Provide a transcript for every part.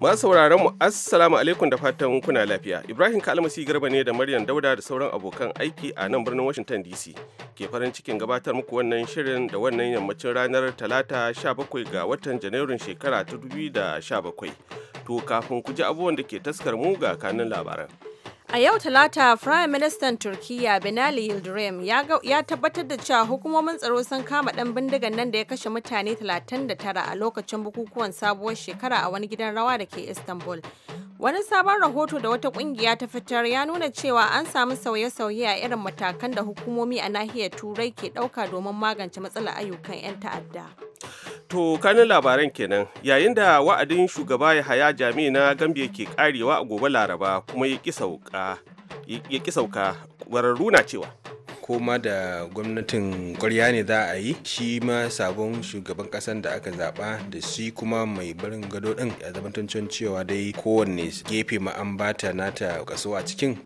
Masu sauraron mu assalamu alaikum da fatan kuna lafiya. Ibrahim Kalmasi Garba ne da Maryam Dauda da sauran abokan aiki a nan birnin Washington DC. Ke farin cikin gabatar muku wannan shirin da wannan yammacin ranar Talata 17 ga watan Janairun shekara ta 2017. To kafin ku ji abubuwan da ke taskar mu ga kanun labaran. A yau Talata, Prime Minister Turkiyya Binali Yildirim ya tabbatar da cewa hukumomin tsaro sun kama ɗan bindigan nan da ya kashe mutane 39 a lokacin bukukuwan sabuwar shekara a wani gidan rawa da ke Istanbul. Wani sabon rahoto da wata kungiya ta fitar ya nuna cewa an samu sauye-sauye a irin matakan da hukumomi a nahiyar Turai ke ɗauka domin magance matsalar ayyukan 'yan ta'adda. To kanin labaran kenan yayin da wa'adin shugaba Yahaya Jami na Gambia ke karewa a gobe Laraba kuma ya ƙi sauka, ƙwararru na cewa. koma da gwamnatin kwarya ne za a yi shi ma sabon shugaban kasan da aka zaba da shi kuma mai barin gado din ya zamantancin cewa dai kowanne gefe ma bata nata kaso a cikin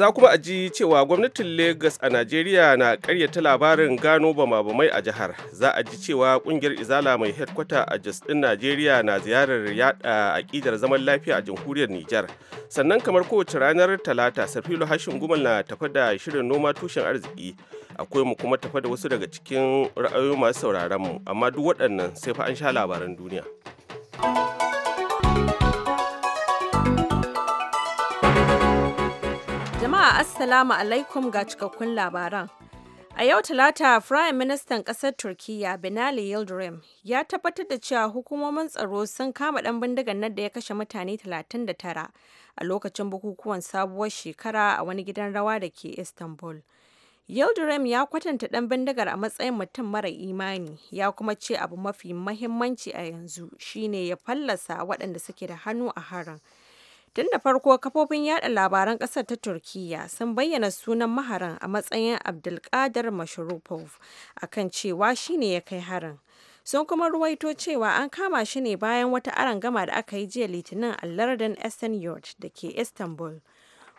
Za kuma a ji cewa gwamnatin lagos a Najeriya na karyata labarin gano bama-bamai a jihar. Za a ji cewa kungiyar Izala mai headkwata a Jos ɗin Najeriya na ziyarar yada aƙidar zaman lafiya a jamhuriyar Nijar. Sannan kamar kowace ranar Talata, safilo Hashin Gumal na tafa da shirin noma tushen arziki. Akwai mu kuma tafa da wasu daga cikin ra'ayoyi masu sauraron mu, amma duk waɗannan sai fa an sha labaran duniya. assalamu alaikum ga cikakkun labaran. A yau Talata, Firayim Ministan Ƙasar Turkiyya Binali Yildirim ya tabbatar da cewa hukumomin tsaro sun kama ɗan bindigar nan da ya kashe mutane 39 a lokacin bukukuwan sabuwar shekara a wani gidan rawa da ke Istanbul. Yildirim ya kwatanta ɗan bindigar a matsayin mutum mara imani, ya kuma ce abu mafi mahimmanci a yanzu shine ya fallasa waɗanda suke da hannu a harin. Tun da farko kafofin yada labaran kasar ta Turkiyya sun bayyana sunan maharan a matsayin Abdulkadir Mashrupov kan cewa shine ya kai harin. Sun kuma ruwaito cewa an kama shi ne bayan wata aron gama da aka yi jiya Litinin a lardin Esenyurt da ke Istanbul.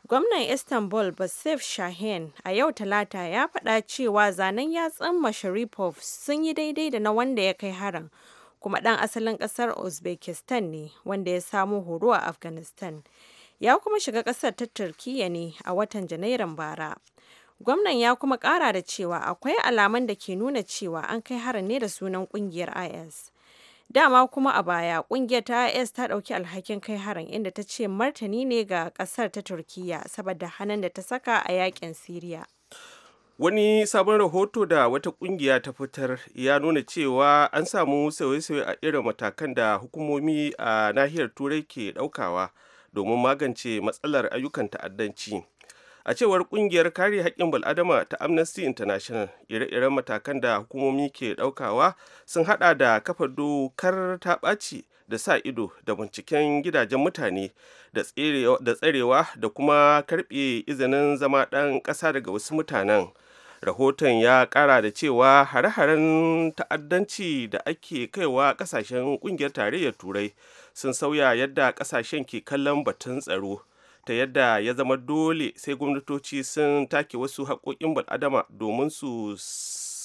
Gwamnan Istanbul Basif Shahin a yau Talata ya faɗa cewa zanen yatsun Masharipov sun yi daidai da na wanda ya kai harin. kuma ɗan asalin ƙasar uzbekistan ne wanda ya samo horo a afghanistan ya kuma shiga ƙasar ta turkiyya ne a watan janairun bara gwamnan ya kuma ƙara da cewa akwai alaman da ke nuna cewa an kai harin ne da sunan ƙungiyar is dama kuma a baya ƙungiyar ta is ta ɗauki alhakin kai harin inda ta ce martani ne ga ƙasar ta turkiyya saboda hannun da ta saka a yaƙin siriya wani sabon rahoto da wata kungiya ta fitar ya nuna cewa an samu sauye-sauye a irin matakan da hukumomi a nahiyar turai ke daukawa domin magance matsalar ayyukan ta'addanci a cewar kungiyar kare haƙƙin bal'adama ta amnesty international ire-iren matakan da hukumomi ke daukawa sun hada da kafa dokar ta ɓaci da sa ido da binciken gidajen mutane da tsarewa da kuma karɓe izinin zama ɗan ƙasa daga wasu mutanen rahoton ya kara da cewa hare-haren ta'addanci da ake kaiwa kasashen kungiyar tarayyar turai sun sauya yadda kasashen ke kallon batun tsaro ta yadda ya zama dole sai gwamnatoci sun take wasu haƙoƙin bal'adama domin su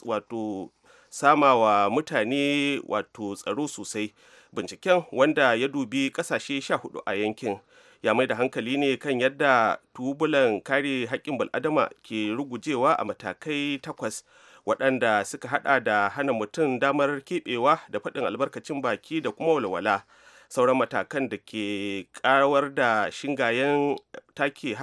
wato sama wa mutane wato tsaro sosai binciken wanda ya dubi ƙasashe 14 a yankin ya mai da hankali ne kan yadda tubulan kare haƙƙin bal'adama ke rugujewa a matakai takwas waɗanda suka hada da hana mutum damar keɓewa da faɗin albarkacin baki da kuma walwala sauran matakan da ke karawar da shingayen take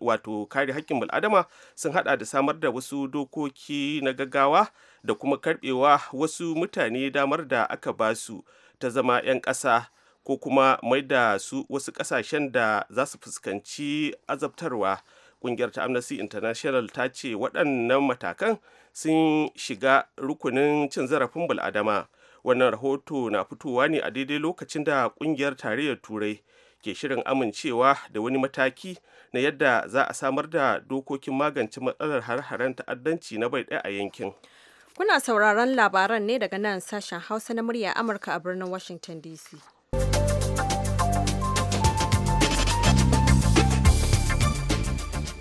wato kare haƙƙin bal'adama sun hada da samar da wasu dokoki na gaggawa da kuma karɓewa wasu mutane damar da aka ba su ta zama 'yan ƙasa ko kuma mai da su wasu ƙasashen da za su fuskanci azabtarwa ƙungiyar ta amnesty international ta ce waɗannan matakan sun shiga rukunin cin zarafin bul'adama wannan rahoto na fitowa ne a daidai lokacin da ƙungiyar tarayyar turai ke shirin amincewa da wani mataki na yadda za a samar da dokokin magance matsalar har-haren ta'addanci na bai ɗaya a yankin. Kuna sauraron labaran ne daga nan sashen Hausa na murya Amurka a birnin Washington DC.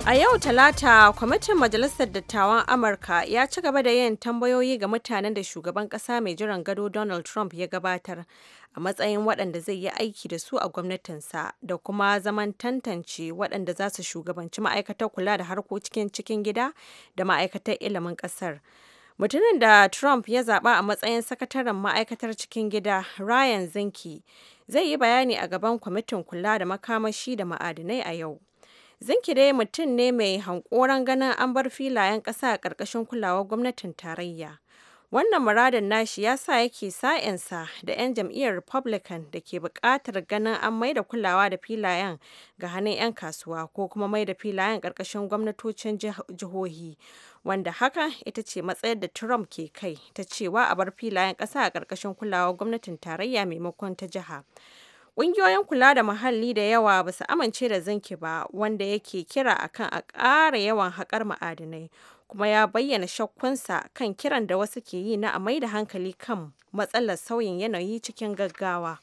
A yau Talata, kwamitin Majalisar Dattawan Amurka ya ci gaba da yin tambayoyi ga mutanen da shugaban kasa mai jiran gado Donald Trump ya gabatar a matsayin waɗanda zai yi aiki da su a gwamnatinsa da kuma zaman tantance waɗanda za su shugabanci ma'aikatar kula da harkokin cikin gida da ma'aikatar ilimin ƙasar. Mutumin da Trump ya zaɓa a matsayin sakataren ma'aikatar cikin gida Ryan Zinke zai yi bayani a gaban kwamitin kula da makamashi da ma'adinai a yau. Zinkire mutum ne mai hankoran ganin an bar filayen ƙasa a ƙarƙashin kulawar gwamnatin tarayya. Wannan muradin nashi ya sa yake sa'insa da 'yan jam'iyyar Republican da ke buƙatar ganin an mai da kulawa da filayen ga hannun 'yan kasuwa ko kuma mai da filayen ƙarƙashin gwamnatocin jihohi, wanda haka ita ce matsayar da Trump ke kai ta cewa a bar filayen ƙasa a ƙarƙashin kulawar gwamnatin tarayya maimakon ta jiha. Ƙungiyoyin kula da muhalli da yawa ba su amince da zinki ba, wanda yake kira akan a ƙara yawan haƙar ma'adinai, kuma ya bayyana shakkunsa kan kiran da wasu ke yi na a mai da hankali kan matsalar sauyin yanayi cikin gaggawa.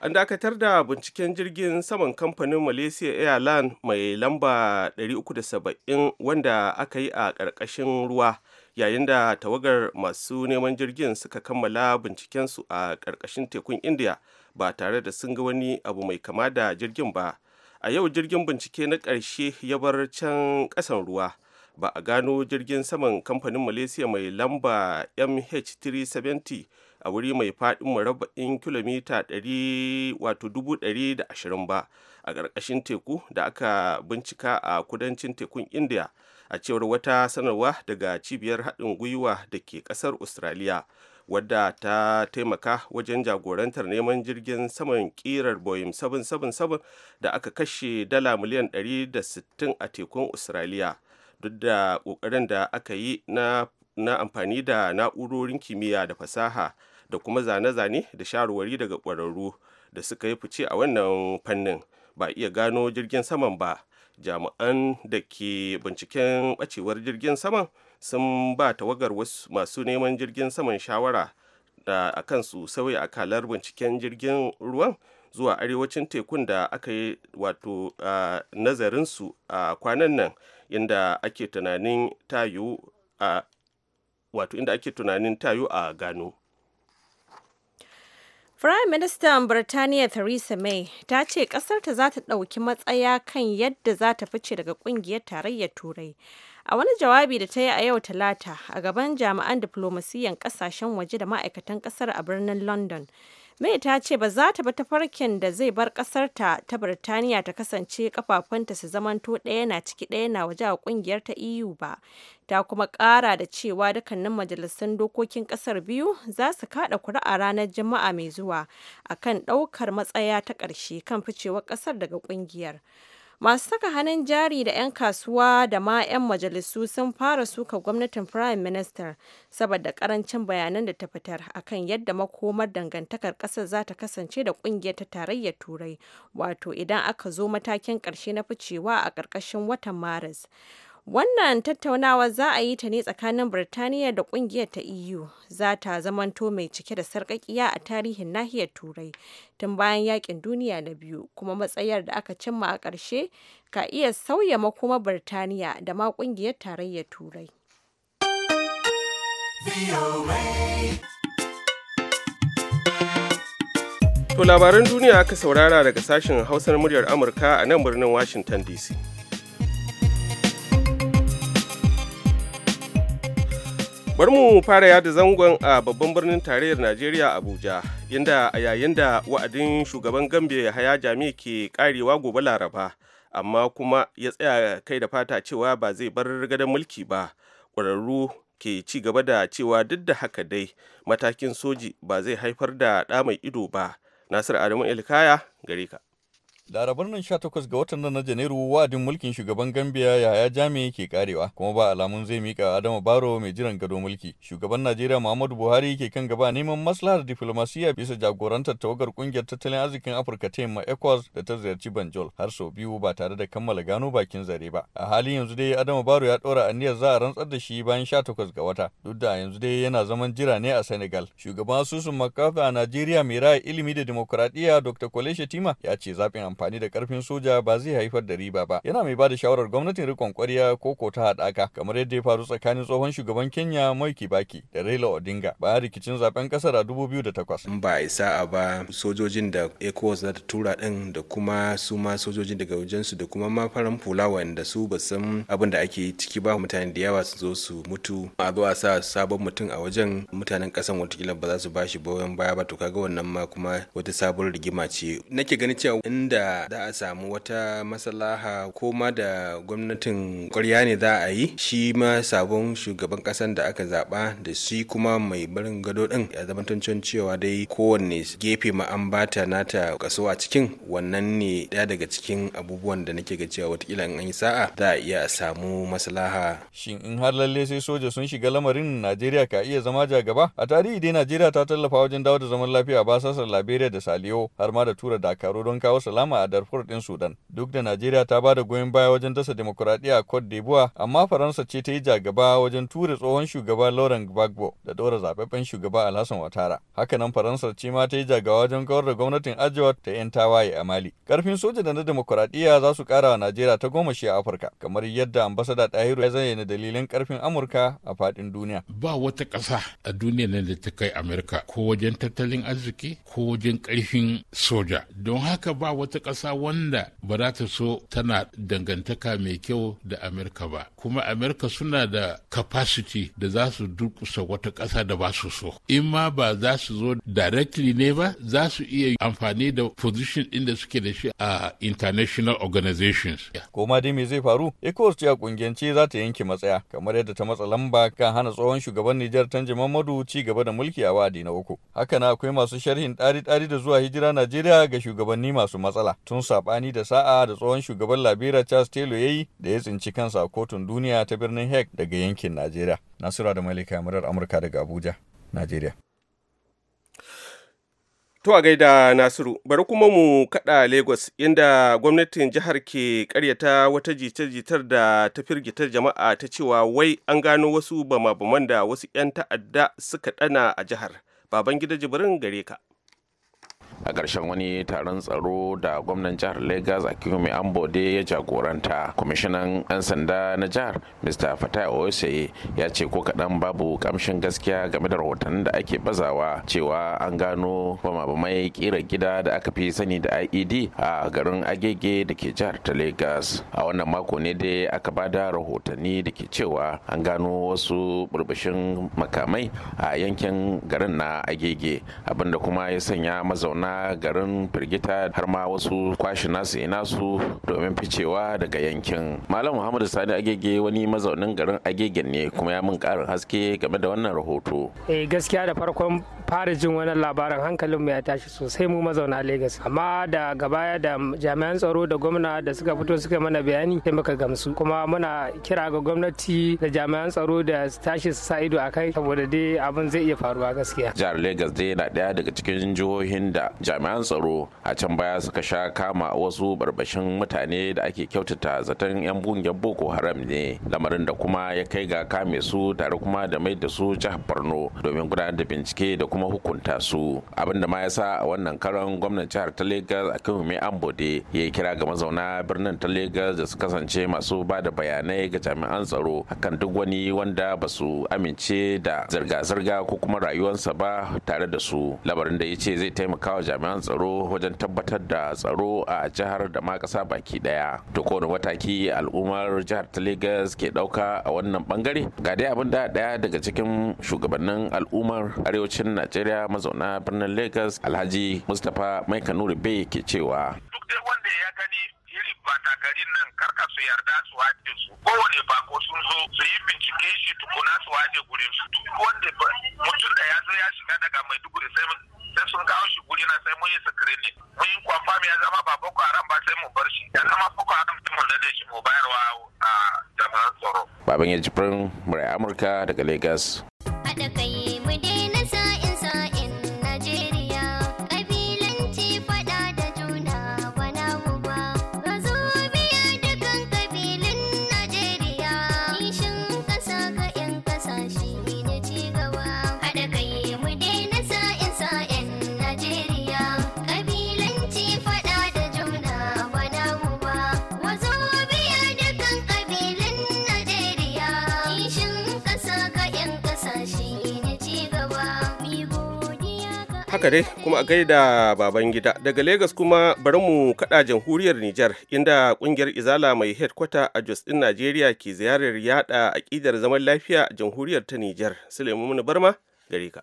An dakatar da binciken jirgin saman kamfanin Malaysia Airlines mai lamba 370 wanda aka yi a ƙarƙashin ruwa. yayin da tawagar masu neman jirgin suka kammala bincikensu a ƙarƙashin tekun indiya ba tare da sun ga wani abu mai kama da jirgin ba a yau jirgin bincike na ƙarshe ya bar can ƙasan ruwa ba a gano jirgin saman kamfanin malaysia mai lamba mh370 a wuri mai faɗin murabba'in kilomita 120 ba a ƙarƙashin teku da aka bincika a kudancin tekun india a cewar wata sanarwa daga cibiyar haɗin gwiwa da ke ƙasar australia wadda ta taimaka wajen jagorantar neman jirgin saman ƙirar boeing 777 da aka kashe dala miliyan 160 a tekun australia duk da ƙoƙarin da aka yi na amfani da na'urorin kimiyya da fasaha da kuma zane-zane da shawarwari daga ƙwararru da suka yi fice a wannan fannin ba iya gano jirgin saman ba jami'an da ke binciken ɓacewar jirgin saman sun ba tawagar wasu masu neman jirgin saman shawara da a kansu sauya akalar binciken jirgin ruwan zuwa arewacin tekun da aka yi wato nazarinsu a kwanan nan inda ake tunanin tayo a gano Firayim Ministan Birtaniya Theresa May ta ce ƙasarta za ta ɗauki matsaya kan yadda za ta fice daga ƙungiyar tarayyar Turai. A wani jawabi da ta yi a yau Talata a gaban jami'an diflomasiyyan ƙasashen waje da ma'aikatan ƙasar a birnin London, May ta ce ba za ta bi tafarkin da zai bar ƙasarta ta Birtaniya ta kasance kafafunta su zamanto ɗaya na ciki ɗaya na waje a ƙungiyar ta EU ba. Ta kuma ƙara da cewa dukkanin majalisun dokokin ƙasar biyu za su kaɗa kuri'a ranar Juma'a mai zuwa a kan ɗaukar matsaya ta ƙarshe kan ficewar ƙasar daga ƙungiyar. Masu saka hannun jari da 'yan kasuwa da ma 'yan majalisu sun fara suka gwamnatin prime minister saboda karancin bayanan da ta fitar akan yadda makomar dangantakar ƙasar za ta kasance da kungiyar ta tarayyar Turai, wato idan aka zo matakin karshe na ficewa a ƙarƙashin watan Maris. Wannan tattaunawa za a yi ta ne tsakanin Birtaniya da ƙungiyar ta EU za ta zamanto mai cike da sarkakiya a tarihin nahiyar Turai tun bayan yakin duniya na biyu kuma matsayar da aka cimma a ƙarshe ka iya sauya makoma Birtaniya da ma ƙungiyar tarayyar Turai. To labaran duniya aka saurara daga sashen hausar muryar Amurka a nan birnin Washington DC. Bari mu fara yada zangon a babban birnin tarayyar Najeriya Abuja, inda a yayin da wa'adin shugaban Gambia Haya Jami ke karewa gobe Laraba, amma kuma ya tsaya kai da fata cewa ba zai bar gadon mulki ba. Ƙwararru ke ci gaba da cewa duk da haka dai matakin soji ba zai haifar da ɗa mai ido ba. Nasir Adamu Ilkaya gare ka. Larabar nan 18 ga watan na Janairu wa'adin mulkin shugaban Gambia Yahaya Jami ke karewa kuma ba alamun zai mika Adama Baro mai jiran gado mulki. Shugaban Najeriya Muhammadu Buhari ke kan gaba neman maslahar diflomasiyya bisa jagorantar tawagar kungiyar tattalin arzikin Afirka ta yamma ECOWAS da ta ziyarci Banjul har sau biyu ba tare da kammala gano bakin zare ba. A halin yanzu dai Adama Baro ya ɗora aniyar za a rantsar da shi bayan 18 ga wata duk da yanzu dai yana zaman jira ne a Senegal. Shugaban asusun makafa a Najeriya mai ra'ayi ilimi da dimokuraɗiyya Dr. Kwale Shetima ya ce zaɓin amfani da karfin soja ba zai haifar da riba ba yana mai bada shawarar gwamnatin rikon kwarya ko ko ta haɗaka kamar yadda ya faru tsakanin tsohon shugaban kenya mai baki da raila odinga bayan rikicin zaben kasar a takwas. in ba isa a ba sojojin da ecowas za ta tura din da kuma su ma sojojin daga wajensu da kuma ma faran fula wanda su ba san abin da ake ciki ba mutane da yawa su zo su mutu a zo a sa sabon mutum a wajen mutanen kasan watakila ba za su ba shi bayan baya ba to kaga wannan ma kuma wata sabon rigima ce nake ganin cewa inda da a samu wata masalaha ko ma da gwamnatin ƙwarya ne za a yi shi ma sabon shugaban ƙasan da aka zaɓa da shi kuma mai barin gado ɗin ya zama cewa dai kowanne gefe ma bata nata kaso a cikin wannan ne ɗaya daga cikin abubuwan da nake ga cewa watakila in an yi sa'a za a iya samu masalaha. Shin in har lalle sai soja sun shiga lamarin Najeriya ka iya zama jagaba? A tarihi dai Najeriya ta tallafa wajen dawo da zaman lafiya a basasar Liberia da Saliyo har ma da tura dakaro don kawo salama sama a Darfur ɗin Sudan. Duk da Najeriya ta ba da goyon baya wajen dasa demokuraɗiyya a Cote d'Ivoire, amma Faransa ce ta yi jagaba wajen ture tsohon shugaba Laurent Gbagbo da ɗora zaɓaɓɓen shugaba Alhassan Ouattara. Hakanan Faransa ce ma ta yi jagaba wajen kawar da gwamnatin Ajiwa ta 'yan tawaye a Mali. Karfin soja da na demokuraɗiyya za su ƙara wa Najeriya ta goma shi a Afirka, kamar yadda ambasada Ɗahiru ya zayyana dalilan karfin Amurka a faɗin duniya. Ba wata ƙasa a duniya nan da ta kai Amurka ko wajen tattalin arziki ko wajen ƙarfin soja. Don haka ba wata ƙasa wanda ba za ta so tana dangantaka mai kyau da amurka ba. Kuma amurka suna da capacity da za su durkusa wata ƙasa da ba su so. In ma ba za su zo directly ne ba, za su iya amfani da position ɗin da suke da shi a international organizations. Koma dai me zai faru? ECOWAS ce a kungiyance za ta yanke matsaya kamar yadda ta matsa lamba kan hana tsohon shugaban Nijar Tanji Mamadu ci gaba da mulki a wa'adi na uku. Haka na akwai masu sharhin ɗari-ɗari da zuwa hijira Najeriya ga shugabanni masu matsala. tun saɓani da sa'a da tsohon shugaban Liberia Charles Taylor yayi da ya tsinci kansa a kotun duniya ta birnin Hague daga yankin Najeriya. Nasura da Malika Murar Amurka daga Abuja, Najeriya. To a gaida Nasiru, bari kuma mu kada Lagos inda gwamnatin jihar ke karyata wata jita-jitar da ta firgitar jama'a ta cewa wai an gano wasu bama-baman da wasu 'yan ta'adda suka dana a jihar. Baban gida jibirin gare ka. a ƙarshen wani taron tsaro da gwamnan jihar Legas lagos akimi ambode ya jagoranta kwamishinan 'yan sanda na jihar mr fatai oyoseye ya ce ko kaɗan babu ƙamshin gaskiya game da rahotannin da ake bazawa cewa an gano mai ƙira gida da aka fi sani da ied a garin agege da ke jihar ta lagos a wannan mako ne dai aka ba da rahotanni da ke cewa an gano wasu burbushin makamai a yankin garin na agege abinda kuma ya sanya mazauna garin firgita har ma wasu kwashe nasu ina su domin ficewa daga yankin malam muhammadu sani agege wani mazaunin garin agegen ne kuma ya mun karin haske game da wannan rahoto eh gaskiya da farkon fara jin wannan labarin hankalin mu ya tashi sosai mu mazauna Legas amma da gabaya da jami'an tsaro da gwamna da suka fito suka mana bayani sai muka gamsu kuma muna kira ga gwamnati da jami'an tsaro da su tashi su sa ido akai saboda dai abin zai iya faruwa gaskiya jihar Legas dai na daya daga cikin jihohin da jami'an tsaro a can baya suka sha kama wasu barbashin mutane da ake kyautata zaton 'yan bungiyar boko haram ne lamarin da kuma ya kai ga kame su tare kuma da mai da su jihar borno domin gudanar da bincike da kuma hukunta su abin da ma ya sa a wannan karan gwamnan jihar ta lagos a kan mai ambode ya yi kira ga mazauna birnin ta lagos da su kasance masu ba da bayanai ga jami'an tsaro akan duk wani wanda ba su amince da zirga-zirga ko kuma rayuwarsa ba tare da su labarin da ya ce zai taimaka wa jami'an tsaro wajen tabbatar da tsaro a jihar da ma kasa baki daya to kowane mataki al'ummar jihar ta lagos ke dauka a wannan bangare ga dai abin da daya daga cikin shugabannin al'ummar arewacin najeriya mazauna birnin lagos alhaji mustapha mai kanuri bay ke cewa duk dai wanda ya gani irin batagarin nan karka yarda su haɗe su kowane bako sun zo su yi bincike shi tukuna su haɗe gurin su duk wanda mutum da ya zo ya shiga daga maiduguri sai sai sun kawo shi guri na sai mun yi sikirini mun yi kwamfam ya zama ba boko haram ba sai mu bar shi ya zama boko haram sai mu lade shi mu bayarwa a jami'an tsaro. Baban ya jibrin murai Amurka daga Lagos. Haɗa kai mu daina sa haka kuma a gaida baban gida daga Legas kuma bari mu kada jamhuriyar Nijar inda kungiyar Izala mai headkwata a Jos din Najeriya ke ziyarar yada akidar zaman lafiya a jamhuriyar ta Nijar. Suleiman Barma gare ka.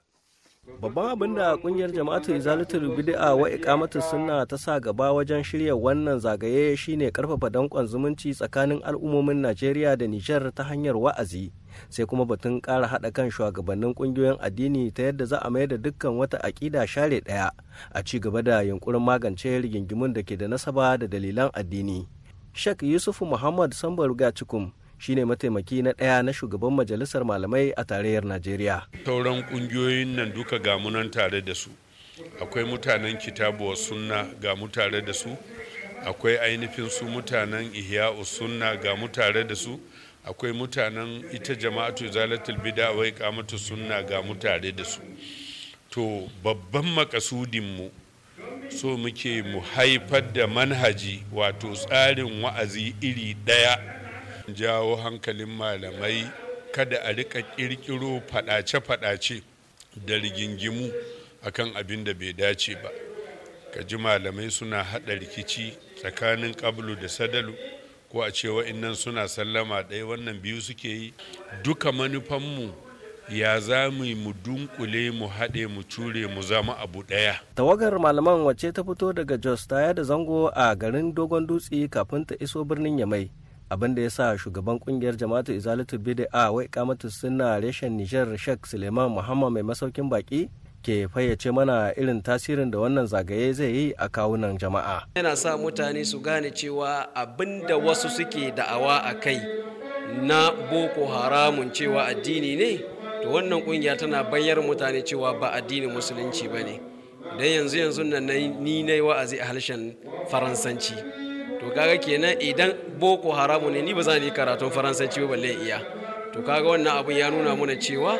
babban abin da kungiyar jama'atu izalatul bid'a wa iqamatu sunna ta sa gaba wajen shirya wannan zagaye shine karfafa dankon zumunci tsakanin al'ummomin Najeriya da Nijar ta hanyar wa'azi sai kuma batun ƙara haɗa kan shugabannin ƙungiyoyin addini ta yadda za a mayar da dukkan wata akida share ɗaya a ci gaba da yunkurin magance rigingimun da ke da nasaba da dalilan addini. Shek Yusufu Muhammad Sambar Gacikum shine mataimaki na ɗaya na shugaban majalisar malamai a tarayyar Najeriya. Sauran kungiyoyin nan duka gamunan tare da su. Akwai mutanen kitabu sunna ga tare da su. Akwai ainihin su mutanen ihya sunna ga tare da su. akwai mutanen ita jama'atu zalatul bida wai kamatu sunna ga mutare da su to babban makasudinmu so muke mu haifar da manhaji wato tsarin wa'azi iri ɗaya jawo hankalin malamai kada a rika ƙirƙiro faɗace-faɗace da rigingimu akan abin da bai dace ba ka ji malamai suna haɗa rikici tsakanin ƙablu da sadalu ko a ce wa'innan suna sallama ɗaya wannan biyu suke yi duka manufanmu ya za mu mu dunkule mu haɗe mu cure mu zama abu ɗaya. tawagar malaman wacce ta fito daga jos ta da zango a garin dogon dutse kafin ta iso birnin yamai abin da ya sa shugaban kungiyar jama'atu izalatu bida a wai kamatu suna reshen nijar shek suleiman muhammad mai masaukin baki ke fayyace mana irin tasirin da wannan zagaye zai yi a kawunan jama'a. Yana sa mutane su gane cewa abin da wasu suke da'awa a kai na boko haramun cewa addini ne, to wannan kungiya tana bayar mutane cewa ba addinin musulunci ba ne. Don yanzu yanzu nan ni na wa'azi a harshen Faransanci. To kaga kenan idan boko haramun ne ni ba za ni karatun Faransanci ba balle iya. To kaga wannan abun ya nuna mana cewa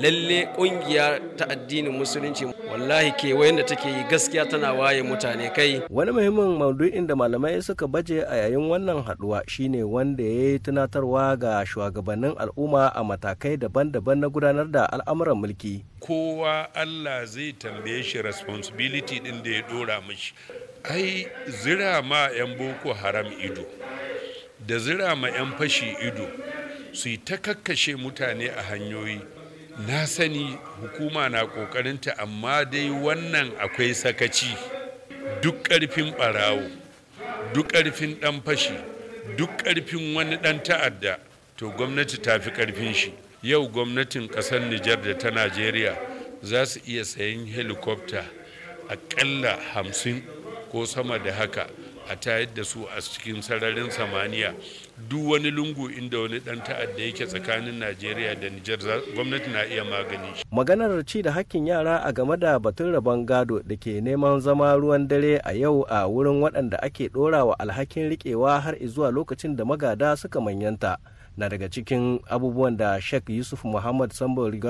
lalle kungiya ta addinin musulunci wallahi ke da take yi gaskiya tana waye mutane kai wani muhimmin maudu'in da malamai suka baje a yayin wannan haduwa shine wanda ya yi tunatarwa ga shugabannin al'umma a matakai daban-daban na gudanar da al'amuran mulki kowa Allah zai tambaye shi responsibility din da ya dora mishi ai zira ma 'yan boko haram ido da zira ma 'yan fashi ido su yi ta kakkashe mutane a hanyoyi na sani hukuma na kokarinta amma dai wannan akwai sakaci duk ƙarfin ɓarawo duk ƙarfin ɗan fashi duk ƙarfin wani ɗan ta'adda to gwamnati ta fi ƙarfin shi yau gwamnatin ƙasar nijar da ta najeriya za su iya sayan helikwafta aƙalla hamsin ko sama da haka a tayar da su a cikin sararin samaniya duk wani lungu inda wani dan ta'adda yake tsakanin najeriya da nijar gwamnati na iya magani maganar ci da hakkin yara a game da batun rabon gado da ke neman zama ruwan dare a yau a wurin waɗanda ake ɗorawa alhakin riƙewa har zuwa lokacin da magada suka manyanta na daga cikin abubuwan da sheikh yusuf muhammad sambo riga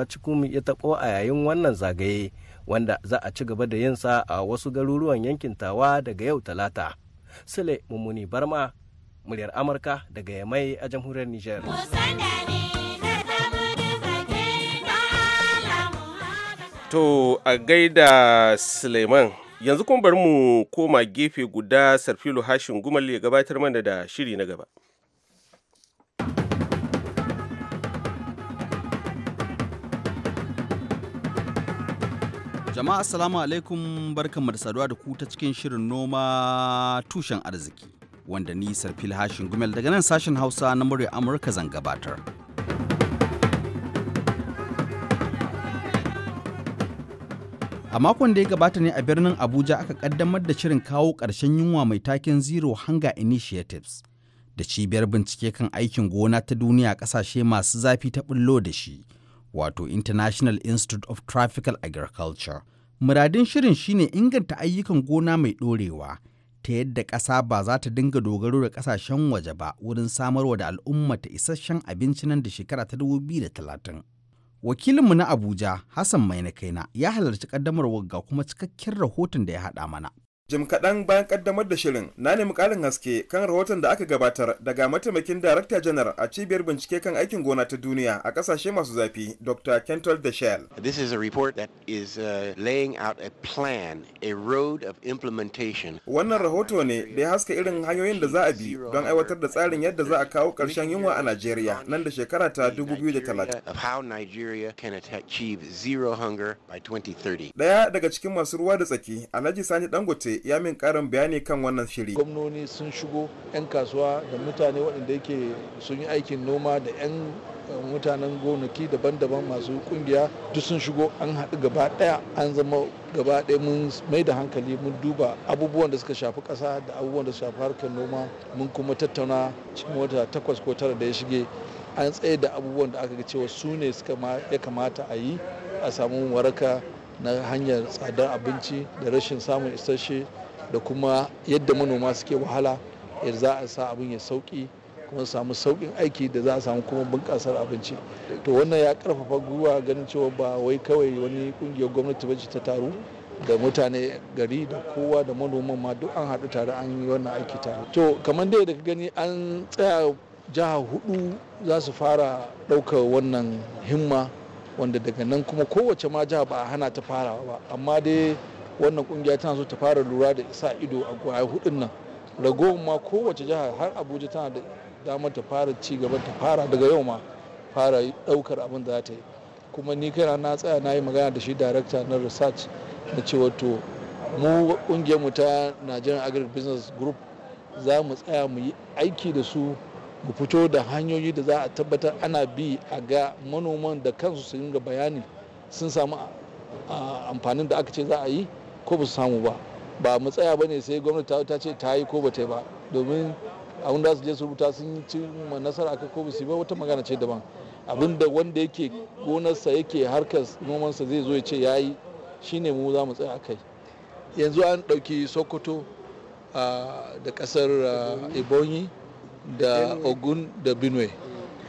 ya taɓo a yayin wannan zagaye wanda za a ci gaba da yinsa a wasu garuruwan yankin tawa daga yau talata Sule Mummuni Barma, muryar Amurka daga Yamai a jamhuriyar Nijar. To a gaida Suleiman yanzu kuma bari mu koma gefe guda Sarfilu Hashin Gumal ya gabatar mana da shiri na gaba. Jama'a Assalamu alaikum barkanmu da saduwa da ku ta cikin shirin noma tushen arziki wanda ni Sarfil Hashin Gumel daga nan sashen Hausa na murya Amurka zan gabatar. A makon da ya gabata ne a birnin Abuja aka kaddamar da shirin kawo ƙarshen yunwa mai takin Zero Hunger Initiatives da cibiyar bincike kan aikin gona ta duniya ƙasashe masu zafi ta bullo da shi. wato International Institute of Tropical Agriculture. Muradin shirin shine inganta ayyukan gona mai ɗorewa ta yadda ƙasa ba za ta dinga dogaro da ƙasashen waje ba wurin samarwa da al'umma ta isasshen abinci nan da shekara ta dubu biyu da 2030. Wakilinmu na Abuja, Hassan na, ya halarci ƙaddamarwar ga kuma cikakken rahoton da ya haɗa mana. jim kaɗan bayan ƙaddamar da shirin na nemi ƙarin haske kan rahoton da aka gabatar daga mataimakin darakta janar a cibiyar bincike kan aikin gona ta duniya a ƙasashe masu zafi dr de shell this is a report that is uh, laying out a plan a road of implementation wannan rahoto ne da ya haska irin hanyoyin da za a bi don aiwatar da tsarin yadda za a kawo ƙarshen yunwa a najeriya nan da shekara ta 2030 of how nigeria can achieve zero hunger by 2030 daya daga cikin masu ruwa da tsaki alhaji sani dangote ya min karin bayani kan wannan shiri. Gwamnoni sun shigo 'yan kasuwa da mutane waɗanda yake sun yi aikin noma da 'yan mutanen gonaki daban-daban masu kungiya duk sun shigo an haɗu gaba ɗaya an zama gaba ɗaya mun mai da hankali mun duba abubuwan da suka shafi ƙasa da abubuwan da suka shafi harkar noma mun kuma tattauna cikin wata takwas ko tara da ya shige an tsaye da abubuwan da aka ga cewa su ne suka ya kamata a yi a samu waraka na hanyar tsadar abinci da rashin samun isasshe da kuma yadda manoma suke wahala yadda za a sa abin ya sauki kuma samu sauƙin aiki da za a samu kuma bunƙasar abinci to wannan ya karfafa gwiwa ganin cewa ba wai kawai wani kungiyar gwamnati ba ta taru da mutane gari da kowa da manoma ma duk an haɗu tare an yi wannan aiki tare to kamar dai daga gani an tsaya jiha hudu za su fara ɗaukar wannan himma wanda daga nan kuma kowace ma jiha ba a hana ta farawa ba amma dai wannan kungiya tana so ta fara lura da sa ido a gwaya hudun nan ragowar ma kowace jiha har abuja tana da damar ta fara ci gaba ta fara daga yau ma fara daukar abin da za ta yi kuma ni kana na tsaya na yi magana da shi darakta na research na cewa to mu kungiyar mu ta nigerian business group za mu tsaya mu yi aiki da su mu fito da hanyoyi da za a tabbatar ana bi a ga manoman da kansu su ga bayani sun samu amfanin da aka ce za a yi ko ba su samu ba ba mu tsaya ba ne sai gwamnati ta ce ta yi ko ba ta yi ba domin a da su je su rubuta sun yi ci nasara aka ko ba su yi ba wata magana ce daban abinda da wanda yake gonarsa yake harkar nomansa zai zo ya ce ya yi shine mu za mu tsaya kai yanzu an ɗauki sokoto da kasar ebonyi da ogun da benue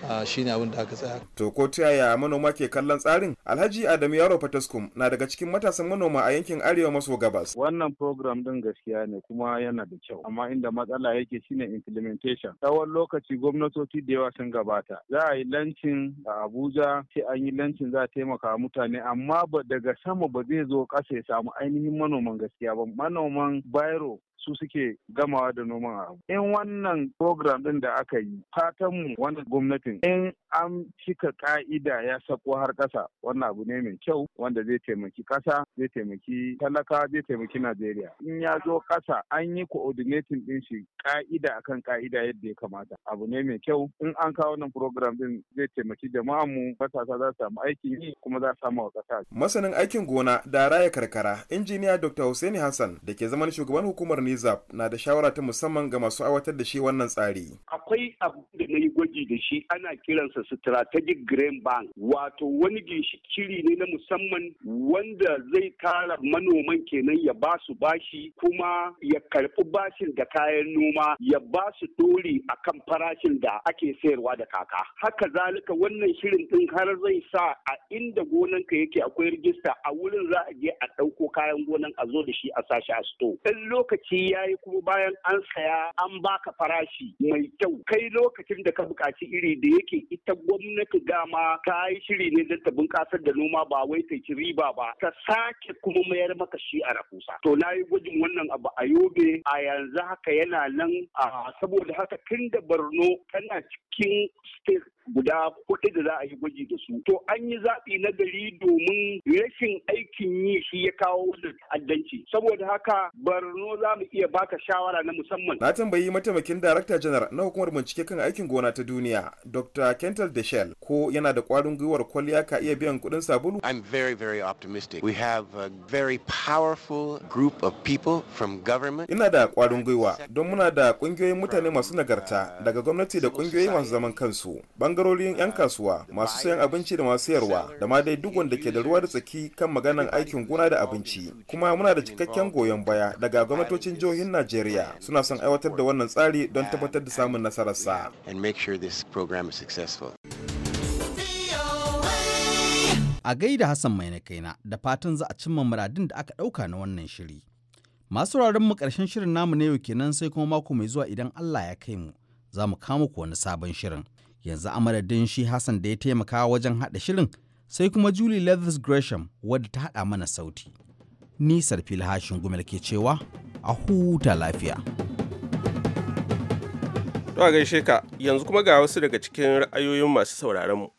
a ah, ne abin da aka tsaya. To ko ta yaya manoma ke kallon tsarin? Alhaji Adamu Yaro Fataskum na daga cikin matasan manoma a yankin Arewa maso gabas. Wannan program din gaskiya ne kuma yana da kyau. Amma inda matsala yake shine implementation. Tsawon lokaci gwamnatoci da yawa sun gabata. Za a yi lancin a Abuja, sai an yi lancin za a taimaka mutane amma daga sama ba zai zo kasa ya samu ainihin manoman gaskiya ba. Manoman Bairo su suke gamawa da noman abu. In wannan program ɗin da aka yi fatan mu wannan gwamnatin in an cika ka'ida ya sako har ƙasa wannan abu ne mai kyau wanda zai taimaki ƙasa zai taimaki talaka zai taimaki Najeriya. In ya zo ƙasa an yi coordinating ɗin shi ka'ida akan ka'ida yadda ya kamata abu ne mai kyau in an kawo wannan program din zai taimaki jama'a mu matasa za su samu aikin yi kuma za su samu wa ƙasa. Masanin aikin gona da raya karkara injiniya Dr. Hussaini Hassan da ke zaman shugaban hukumar rizab na da shawara ta musamman ga masu aiwatar da shi wannan tsari akwai abu da na yi gwaji da shi ana kiransa strategic grain bank wato wani ginshikiri ne na musamman wanda zai tara manoman kenan ya ba su bashi kuma ya karɓi bashin da kayan noma ya ba su dori kan farashin da ake sayarwa da kaka haka zalika wannan shirin ɗin har zai sa a inda gonanka yake akwai rijista a wurin za a je a ɗauko kayan gonan a zo da shi a sashi a sto Ɗan lokaci ya yi kuma bayan an saya an baka farashi mai kyau kai lokacin da ka buƙaci iri da yake ita gwamnati gama ta yi shiri ne don ta bunƙasar da noma ba wai ta ci riba ba ta sake kuma mayar maka shi a rahusa to na yi gwajin wannan abu a yobe a yanzu haka yana nan a saboda haka tun da barno tana cikin state guda kuɗi da za a yi gwaji da su to an yi zaɓi na gari domin rashin aikin yi shi ya kawo da ta'addanci saboda haka barno za mu iya baka shawara na musamman. Na tambayi mataimakin darakta janar na hukumar bincike kan aikin gona ta duniya Dr. Kental Deshel ko yana da kwarin gwiwar kwalliya ka iya biyan kuɗin sabulu. I'm very very optimistic. We have a very powerful group of people from government. Ina da kwarin gwiwa don muna da ƙungiyoyin mutane masu nagarta daga gwamnati da ƙungiyoyi masu zaman kansu, bangarorin 'yan kasuwa, masu sayan abinci da masu sayarwa, da ma dai duk wanda ke da ruwa da tsaki kan maganar aikin gona da abinci. Kuma muna da cikakken goyon baya daga gwamnatocin jihohin Najeriya suna son aiwatar da wannan tsari don tabbatar da samun nasararsa. A gaida Hassan mai na kaina da fatan za a cimma muradin da aka ɗauka na wannan shiri. Masu mu ƙarshen shirin namu na yau kenan sai kuma mako mai zuwa idan Allah ya kai mu za mu kama ku wani sabon shirin. Yanzu a madadin shi Hassan da ya taimaka wajen haɗa shirin sai kuma Julie Leathers Gresham wadda ta haɗa mana sauti. Ni Sarfil Hashin Gumel ke cewa a huta lafiya. To a gaishe ka yanzu kuma ga wasu daga cikin ra'ayoyin masu sauraron mu.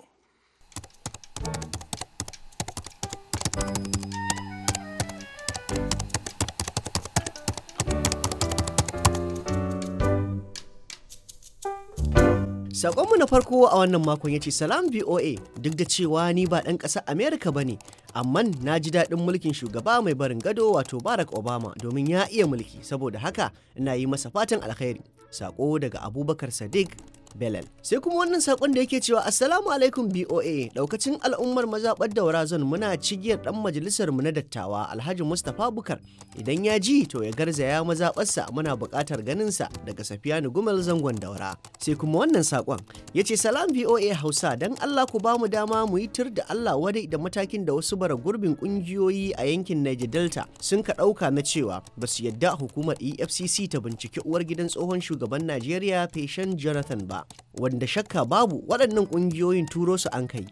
Sakonmu na farko a wannan makon ya ce salam VOA duk da cewa ni ba ɗan ƙasar Amerika ba ne, amma na ji daɗin mulkin shugaba mai barin gado wato Barack Obama domin ya iya mulki saboda haka ina yi masa fatan alkhairi. Sako daga Abubakar Sadiq Belal. Sai kuma wannan sakon da yake cewa Assalamu alaikum BOA daukacin al'ummar mazaɓar daura zan muna cigiyar ɗan majalisar mu na dattawa Alhaji Mustapha Bukar idan ya ji to ya garza garzaya mazaɓarsa muna buƙatar ganin sa daga Safiyanu Gumel zangon daura. Sai kuma wannan sakon yace salam BOA Hausa dan Allah ku ba mu dama mu yi tur da Allah wadai da matakin da wasu bara gurbin kungiyoyi a yankin Niger Delta sun ka ɗauka na cewa ba su yadda hukumar EFCC ta binciki uwar gidan tsohon shugaban Najeriya Feshen Jonathan ba. wanda shakka babu waɗannan ƙungiyoyin turo su an kai.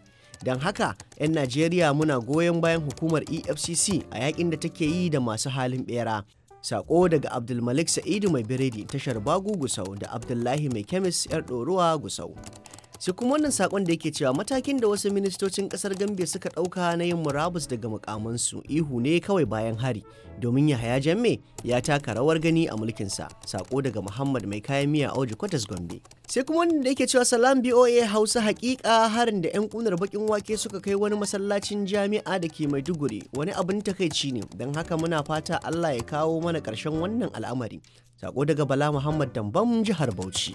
Don haka 'yan Najeriya muna goyon bayan hukumar EFCC a yakin da take yi da masu halin bera. Sako daga Abdulmalik Sa'idu mai biredi tashar Bagu Gusau da Abdullahi mai kemis 'yar ɗoruwa Gusau. Sai kuma wannan sakon da yake cewa matakin da wasu ministocin kasar Gambia suka dauka na yin murabus daga mukamansu ihu ne kawai bayan hari domin Yahaya Jamme ya taka rawar gani a mulkinsa. Sako daga Muhammad mai kayan miya Audu Kwatas Gombe. Sai kuma wannan da yake cewa salam BOA Hausa hakika harin da 'yan kunar bakin wake suka kai wani masallacin jami'a da ke Maiduguri wani abin takaici ne don haka muna fata Allah ya kawo mana karshen wannan al'amari. Sako daga Bala Muhammad Dambam jihar Bauchi.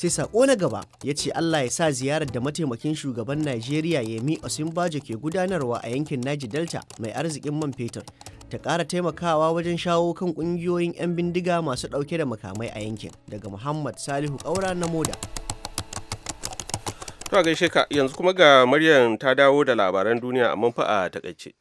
sai sako na gaba ya ce Allah ya sa ziyarar da mataimakin shugaban Najeriya Yemi Osinbajo ke gudanarwa a yankin Naji Delta mai arzikin man fetur ta kara taimakawa wajen shawo kan ƙungiyoyin 'yan bindiga masu ɗauke da makamai a yankin daga Muhammad Salihu Ƙaura na Moda. To a gaishe ka yanzu kuma ga Maryam ta dawo da labaran duniya amma fa a takaice.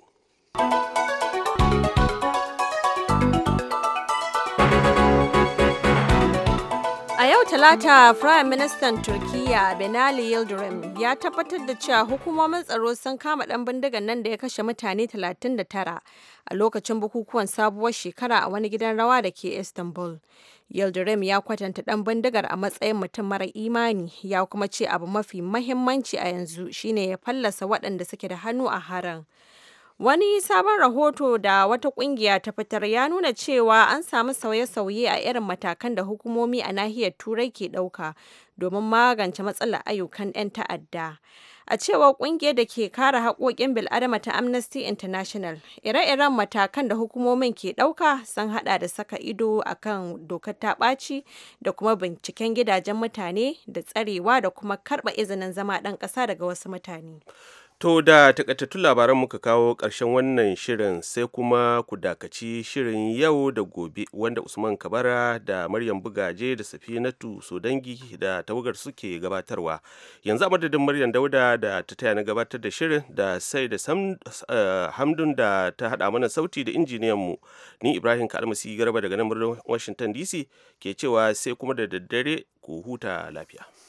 Talata, Prime Minister Turkiyya Benali Yildirim ya tabbatar da cewa hukumomin tsaro sun kama ɗan bindigan nan da ya kashe mutane 39 a lokacin bukukuwan sabuwar shekara a wani gidan rawa da ke Istanbul. Yildirim ya kwatanta ɗan bindigar a matsayin mutum mara imani ya kuma ce abu mafi mahimmanci a yanzu shine ya fallasa waɗanda suke da hannu a haran. Wani sabon rahoto da wata ƙungiya ta fitar ya nuna cewa an samu sauye-sauye a irin matakan da hukumomi a nahiyar Turai ke ɗauka domin magance matsalar ayyukan 'yan ta'adda. A cewar kungiyar da ke kare haƙoƙin bil'adama ta Amnesty International, ire-iren matakan da hukumomin ke ɗauka sun haɗa da saka ido a kan dokar ta ɓaci da kuma binciken gidajen mutane da tsarewa da kuma karɓa izinin zama ɗan ƙasa daga wasu mutane. To da takaitattun labaran muka kawo ƙarshen wannan shirin sai kuma ku dakaci shirin yau da gobe wanda Usman Kabara da Maryam Bugaje da Safinatu Sodangi da tawagar suke gabatarwa. Yanzu a madadin Maryam Dauda da ta taya na gabatar da shirin da sai da eh, Hamdun da ta haɗa mana sauti da injiniyan mu. Ni Ibrahim Kalmasi Garba daga nan birnin Washington DC ke cewa sai kuma da daddare ku huta lafiya.